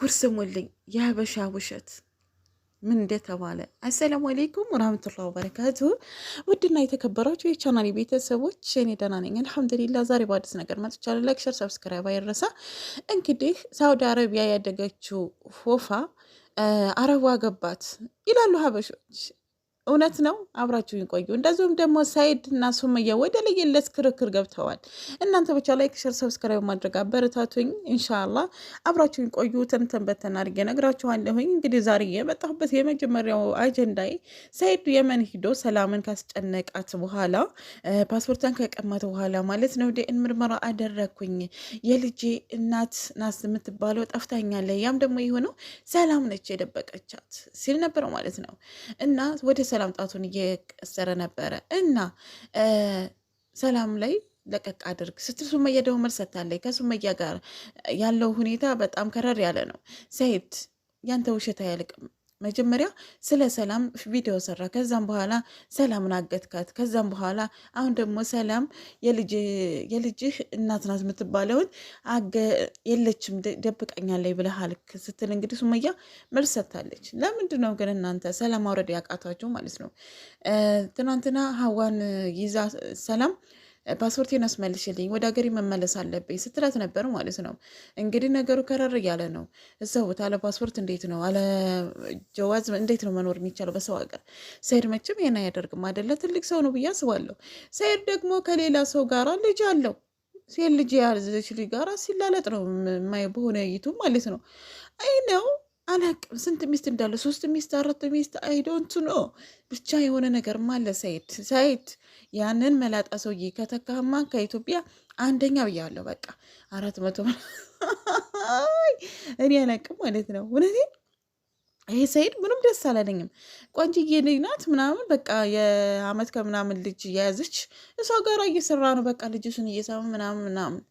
ጉድ ስሙልኝ፣ የሀበሻ ውሸት ምን እንደተባለ። አሰላሙ አሌይኩም ወራህመቱላሂ ወበረካቱ። ውድና የተከበራችሁ የቻናል ቤተሰቦች እኔ ደህና ነኝ አልሐምዱሊላ። ዛሬ በአዲስ ነገር መጥቻለሁ። ላይክ፣ ሸር፣ ሰብስክራይብ አይረሳ። እንግዲህ ሳውዲ አረቢያ ያደገችው ፎፋ አረቧ ገባት ይላሉ ሀበሾች። እውነት ነው። አብራችሁ ይቆዩ። እንደዚሁም ደግሞ ሳይድ እና ሱመያ ወደ ለየለት ክርክር ገብተዋል። እናንተ ብቻ ላይክ፣ ሸር፣ ሰብስክራይብ ማድረግ አበረታቱኝ። እንሻላ አብራችሁ ይቆዩ። ተንተን በተን አድርጌ ነግራችኋለሁኝ። እንግዲህ ዛሬ የመጣሁበት የመጀመሪያው አጀንዳዬ ሳይድ የመን ሂዶ ሰላምን ካስጨነቃት በኋላ ፓስፖርቷን ከቀማት በኋላ ማለት ነው ዲኤንኤ ምርመራ አደረግኩኝ የልጄ እናት ናስ የምትባለው ጠፍታኛለች። ያም ደግሞ የሆነው ሰላም ነች የደበቀቻት ሲል ነበረው ማለት ነው እና ወደ ሰላም ጣቱን እየቀሰረ ነበረ እና ሰላም ላይ ለቀቅ አድርግ ስትል ሱመያ ደግሞ መልስ ሰጥታለች። ከሱመያ ጋር ያለው ሁኔታ በጣም ከረር ያለ ነው። ሰኢድ ያንተ ውሸት አያልቅም። መጀመሪያ ስለ ሰላም ቪዲዮ ሰራ። ከዛም በኋላ ሰላምን አገትካት። ከዛም በኋላ አሁን ደግሞ ሰላም የልጅህ እናት ናት የምትባለውን የለችም ደብቀኛለች ብለሃል ስትል እንግዲህ ሱመያ መልስ ሰጥታለች። ለምንድን ነው ግን እናንተ ሰላም አውረድ ያቃቷቸው ማለት ነው? ትናንትና ሀዋን ይዛ ሰላም ፓስፖርቴን አስመልሽልኝ ወደ ሀገሬ መመለስ አለብኝ ስትላት ነበር ማለት ነው። እንግዲህ ነገሩ ከረር እያለ ነው። እሰቡት። አለ ፓስፖርት እንዴት ነው አለ ጀዋዝ እንዴት ነው መኖር የሚቻለው በሰው ሀገር? ሰይድ መቼም ይሄን አያደርግም አይደለ? ትልቅ ሰው ነው ብዬ አስባለሁ። ሰይድ ደግሞ ከሌላ ሰው ጋር ልጅ አለው ሴት ልጅ ያዘች ልጅ ጋራ ሲላለጥ ነው የማየው በሆነ ይቱ ማለት ነው። አይ ነው አላቅም ስንት ሚስት እንዳለ ሶስት ሚስት አራት ሚስት አይዶንት ኖ ብቻ የሆነ ነገር ማለ ሰይድ ሰይድ ያንን መላጣ ሰውዬ ከተካማ ከኢትዮጵያ አንደኛ ብያለሁ። በቃ አራት መቶ እኔ አላቅም ማለት ነው። እውነቴ ይሄ ሰይድ ምንም ደስ አላለኝም። ቆንጅዬ ልጅ ናት ምናምን በቃ የአመት ከምናምን ልጅ እየያዘች እሷ ጋር እየሰራ ነው በቃ ልጅሱን እየሳሙ ምናምን ምናምን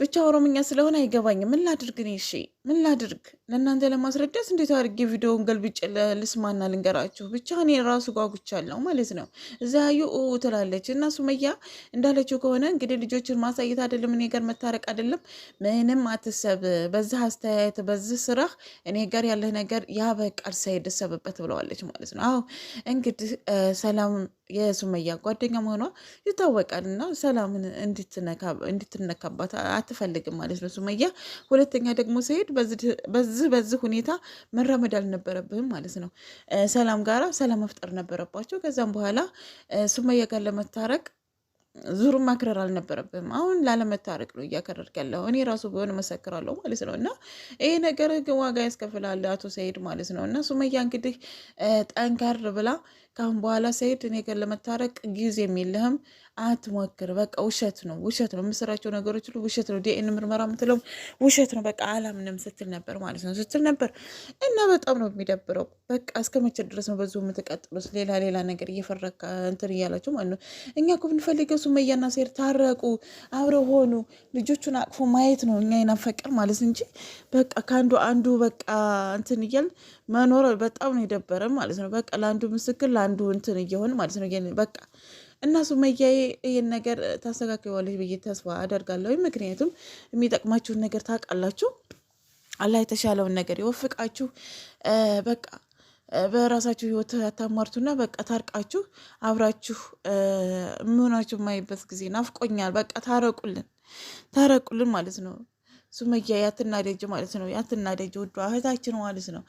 ብቻ ኦሮምኛ ስለሆነ አይገባኝም። ምን ላድርግ እኔ? እሺ ምን ላድርግ? ለእናንተ ለማስረዳት እንዴት አድርጌ ቪዲዮውን ገልብጭ ልስማና ልንገራችሁ? ብቻ እኔ ራሱ ጓጉቻለሁ ማለት ነው። እዛ ዩ ትላለች እና ሱመያ እንዳለችው ከሆነ እንግዲህ ልጆችን ማሳየት አይደለም እኔ ጋር መታረቅ አይደለም። ምንም አትሰብ፣ በዚህ አስተያየት፣ በዚህ ስራህ እኔ ጋር ያለህ ነገር ያበቃል፣ ሳይደሰብበት ብለዋለች ማለት ነው። አዎ እንግዲህ ሰላም የሱመያ ጓደኛ መሆኗ ይታወቃል እና ሰላምን እንድትነካባት አትፈልግም ማለት ነው ሱመያ። ሁለተኛ ደግሞ ሲሄድ በዚህ በዚህ ሁኔታ መራመድ አልነበረብህም ማለት ነው። ሰላም ጋራ ሰላም መፍጠር ነበረባቸው። ከዛም በኋላ ሱመያ ጋር ለመታረቅ ዙሩን ማክረር አልነበረብም። አሁን ላለመታረቅ ነው እያከረርክ ያለው። እኔ ራሱ ቢሆን መሰክራለሁ ማለት ነው። እና ይሄ ነገር ግን ዋጋ ያስከፍላል አቶ ሰይድ ማለት ነው። እና ሱመያ እንግዲህ ጠንከር ብላ ካሁን በኋላ ሰይድ፣ እኔ ጋር ለመታረቅ ጊዜ የሚልህም አትሞክር። በቃ ውሸት ነው፣ ውሸት ነው የምሰራቸው ነገሮች ሁሉ ውሸት ነው። ዲኤን ምርመራ የምትለው ውሸት ነው፣ በቃ አላምንም ስትል ነበር ማለት ነው ስትል ነበር። እና በጣም ነው የሚደብረው። በቃ እስከ መቼ ድረስ ነው በዚሁ የምትቀጥሉት? ሌላ ሌላ ነገር እየፈረካ እንትን እያላቸው ማለት ነው። እኛ እኮ ብንፈልገው ሱመያና ሴር ታረቁ፣ አብረው ሆኑ፣ ልጆቹን አቅፎ ማየት ነው እኛ የናፈቀን ማለት እንጂ በቃ ከአንዱ አንዱ በቃ እንትን እያል መኖር በጣም ነው የደበረን ማለት ነው። በቃ ለአንዱ ምስክር ለአንዱ እንትን እየሆን ማለት ነው በቃ እና ሱመያዬ ይህን ነገር ታስተካክለዋለች ብዬ ተስፋ አደርጋለሁ። ምክንያቱም የሚጠቅማችሁን ነገር ታውቃላችሁ። አላህ የተሻለውን ነገር ይወፍቃችሁ። በቃ በራሳችሁ ህይወት ያታማርቱና በቃ ታርቃችሁ አብራችሁ ምሆናችሁ የማይበት ጊዜ ናፍቆኛል። በቃ ታረቁልን፣ ታረቁልን ማለት ነው። ሱመያ ያትናደጅ ማለት ነው። ያትናደጅ ውዷ እህታችን ማለት ነው።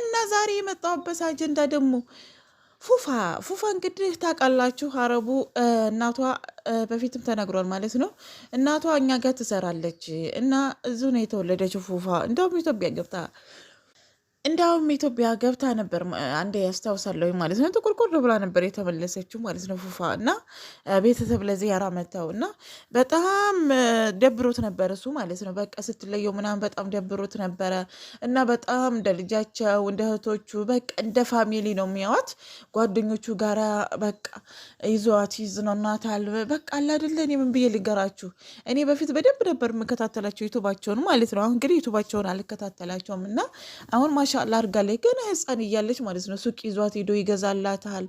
እና ዛሬ የመጣሁበት አጀንዳ ደግሞ ፉፋ ፉፋ እንግዲህ ታውቃላችሁ፣ አረቡ እናቷ በፊትም ተነግሯል ማለት ነው። እናቷ እኛ ጋር ትሰራለች እና እዚሁ ነው የተወለደችው ፉፋ እንደውም ኢትዮጵያ ገብታ እንዲያውም ኢትዮጵያ ገብታ ነበር አንዴ ያስታውሳለሁ ማለት ነው። ጥቁርቁር ብላ ነበር የተመለሰችው ማለት ነው። ፉፋ እና ቤተሰብ ለዚህ ያራ መጥተው እና በጣም ደብሮት ነበር እሱ ማለት ነው። በቃ ስትለየው ምናምን በጣም ደብሮት ነበረ እና በጣም እንደ ልጃቸው እንደ እህቶቹ በቃ እንደ ፋሚሊ ነው የሚያዋት። ጓደኞቹ ጋራ በቃ ይዘዋት ይዝናናታል። በቃ አላደለ እኔ ምን ብዬ ልገራችሁ። እኔ በፊት በደንብ ነበር የምከታተላቸው ዩቱባቸውን ማለት ነው። አሁን እንግዲህ ዩቱባቸውን አልከታተላቸውም እና አሁን ማ ማሻላ ላይ ገና ህፃን እያለች ማለት ነው። ሱቅ ይዟት ሄዶ ይገዛላታል።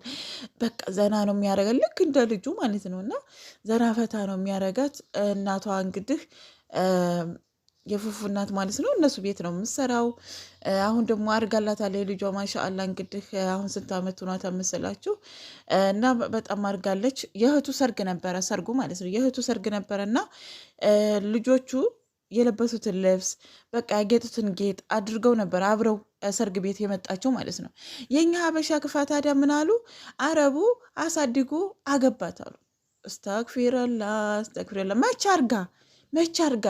በቃ ዘና ነው የሚያረጋት፣ ልክ እንደ ልጁ ማለት ነው። እና ዘና ፈታ ነው የሚያረጋት። እናቷ እንግዲህ የፉፉ እናት ማለት ነው። እነሱ ቤት ነው የምሰራው። አሁን ደግሞ አድርጋላታለች ልጇ ማሻአላ። እንግዲህ አሁን ስንት ዓመት ሆኗት መሰላችሁ? እና በጣም አድርጋለች። የእህቱ ሰርግ ነበረ፣ ሰርጉ ማለት ነው። የእህቱ ሰርግ ነበረ እና ልጆቹ የለበሱትን ልብስ በቃ ያጌጡትን ጌጥ አድርገው ነበር አብረው ሰርግ ቤት የመጣቸው ማለት ነው። የኛ ሀበሻ ክፋ ታዲያ ምን አሉ? አረቡ አሳድጉ አገባት አሉ። እስተክፊረላ እስተክፊረላ መች አርጋ መች አርጋ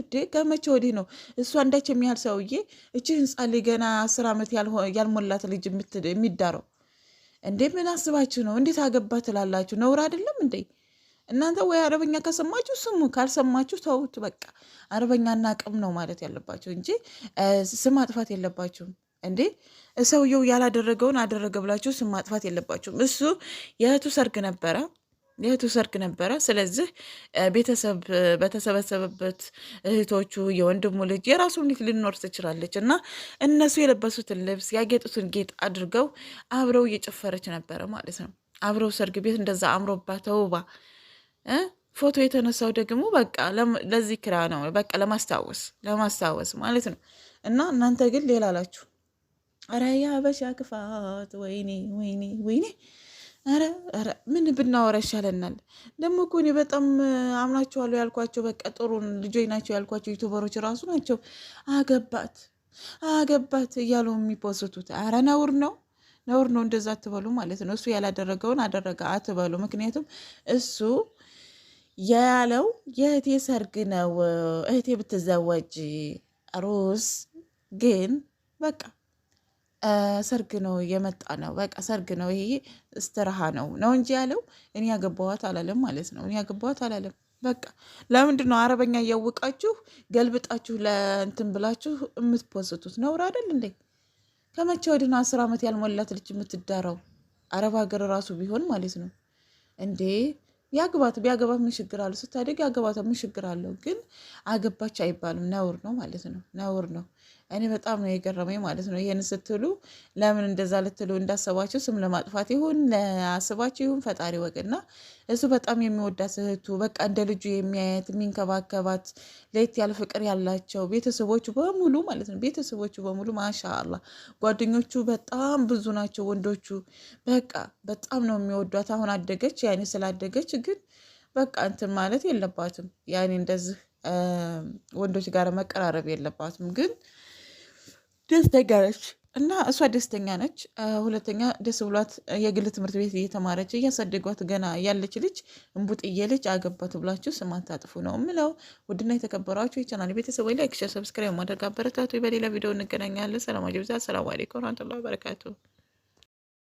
እዴ ከመቼ ወዲህ ነው እሷ እንዳች የሚያህል ሰውዬ እቺ ህንፃ ላይ ገና አስር ዓመት ያልሞላት ልጅ የሚዳረው እንዴ? ምን አስባችሁ ነው? እንዴት አገባ ትላላችሁ? ነውር አይደለም እንዴ? እናንተ ወይ አረበኛ ከሰማችሁ ስሙ፣ ካልሰማችሁ ተውት። በቃ አረበኛና አቅም ነው ማለት ያለባችሁ እንጂ ስም ማጥፋት የለባችሁም። እንዴ ሰውየው ያላደረገውን አደረገ ብላችሁ ስም ማጥፋት የለባችሁም። እሱ የእህቱ ሰርግ ነበረ የእህቱ ሰርግ ነበረ። ስለዚህ ቤተሰብ በተሰበሰበበት እህቶቹ፣ የወንድሙ ልጅ የራሱን ልጅ ልኖር ትችላለች እና እነሱ የለበሱትን ልብስ ያጌጡትን ጌጥ አድርገው አብረው እየጨፈረች ነበረ ማለት ነው። አብረው ሰርግ ቤት እንደዛ አምሮባት ተውባ ፎቶ የተነሳው ደግሞ በቃ ለዚህ ክራ ነው። በቃ ለማስታወስ ለማስታወስ ማለት ነው። እና እናንተ ግን ሌላ አላችሁ። አረ የሀበሻ ክፋት! ወይኔ ወይኔ ወይኔ! አረ አረ ምን ብናወራ ይሻለናል? ደግሞ እኮ እኔ በጣም አምናችኋለሁ ያልኳቸው በቃ ጥሩ ልጆች ናቸው ያልኳቸው ዩቱበሮች ራሱ ናቸው አገባት አገባት እያሉ የሚፖስቱት። አረ ነውር ነው ነውር ነው። እንደዛ አትበሉ ማለት ነው። እሱ ያላደረገውን አደረገ አትበሉ። ምክንያቱም እሱ ያለው የእህቴ ሰርግ ነው። እህቴ ብትዘወጅ ሩስ ግን በቃ ሰርግ ነው የመጣ ነው። በቃ ሰርግ ነው ይሄ እስትራሃ ነው ነው እንጂ ያለው እኔ ያገባዋት አላለም ማለት ነው። እኔ ያገባዋት አላለም። በቃ ለምንድን ነው አረበኛ እያወቃችሁ ገልብጣችሁ ለእንትን ብላችሁ የምትፖስቱት? ነውር አይደል እንዴ? ከመቼ ወዲህ አስር ዓመት ያልሞላት ልጅ የምትዳረው አረብ ሀገር ራሱ ቢሆን ማለት ነው እንዴ ያግባት ቢያገባት ምን ችግር አለው? ስታደግ ያገባት ምን ችግር አለው? ግን አገባች አይባልም። ነውር ነው ማለት ነው። ነውር ነው። እኔ በጣም ነው የገረመኝ ማለት ነው። ይህን ስትሉ ለምን እንደዛ ልትሉ እንዳሰባችሁ ስም ለማጥፋት ይሁን ለአስባችሁ ይሁን ፈጣሪ ወቅና እሱ በጣም የሚወዳት እህቱ በቃ እንደ ልጁ የሚያየት የሚንከባከባት ለየት ያለ ፍቅር ያላቸው ቤተሰቦቹ በሙሉ ማለት ነው። ቤተሰቦቹ በሙሉ ማሻአላ ጓደኞቹ በጣም ብዙ ናቸው። ወንዶቹ በቃ በጣም ነው የሚወዷት። አሁን አደገች፣ ያኔ ስላደገች ግን በቃ እንትን ማለት የለባትም ያኔ እንደዚህ ወንዶች ጋር መቀራረብ የለባትም ግን ደስተኛ ነች እና እሷ ደስተኛ ነች። ሁለተኛ ደስ ብሏት የግል ትምህርት ቤት እየተማረች እያሳደጓት ገና ያለች ልጅ እምቡጥዬ ልጅ አገባት ብላችሁ ስም አታጥፉ ነው ምለው። ውድና የተከበራችሁ የቻናል ቤተሰቦች ላይክ፣ ሸር፣ ሰብስክራይብ ማድረግ አበረታቱ። በሌላ ቪዲዮ እንገናኛለን። ሰላማችሁ ብዛ። አሰላሙ አለይኩም ረመቱላ በረካቱ